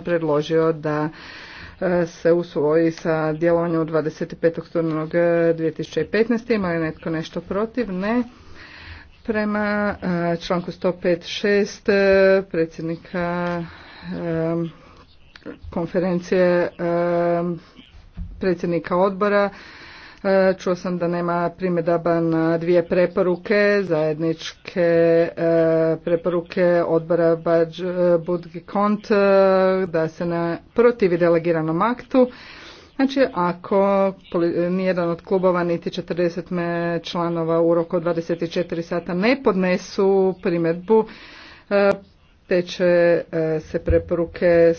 predložio da e, se usvoji sa djelovanjem 25. studenog 2015. E, Ima li netko nešto protiv? Ne. Prema e, članku 105.6 predsjednika konferencije predsjednika odbora Čuo sam da nema primjedaba na dvije preporuke zajedničke preporuke odbora eh, Budgi Kont eh, da se ne protivi delegiranom aktu. Znači, ako nijedan od klubova niti 40 članova u roku od 24 sata ne podnesu primjedbu, eh, te će se preporuke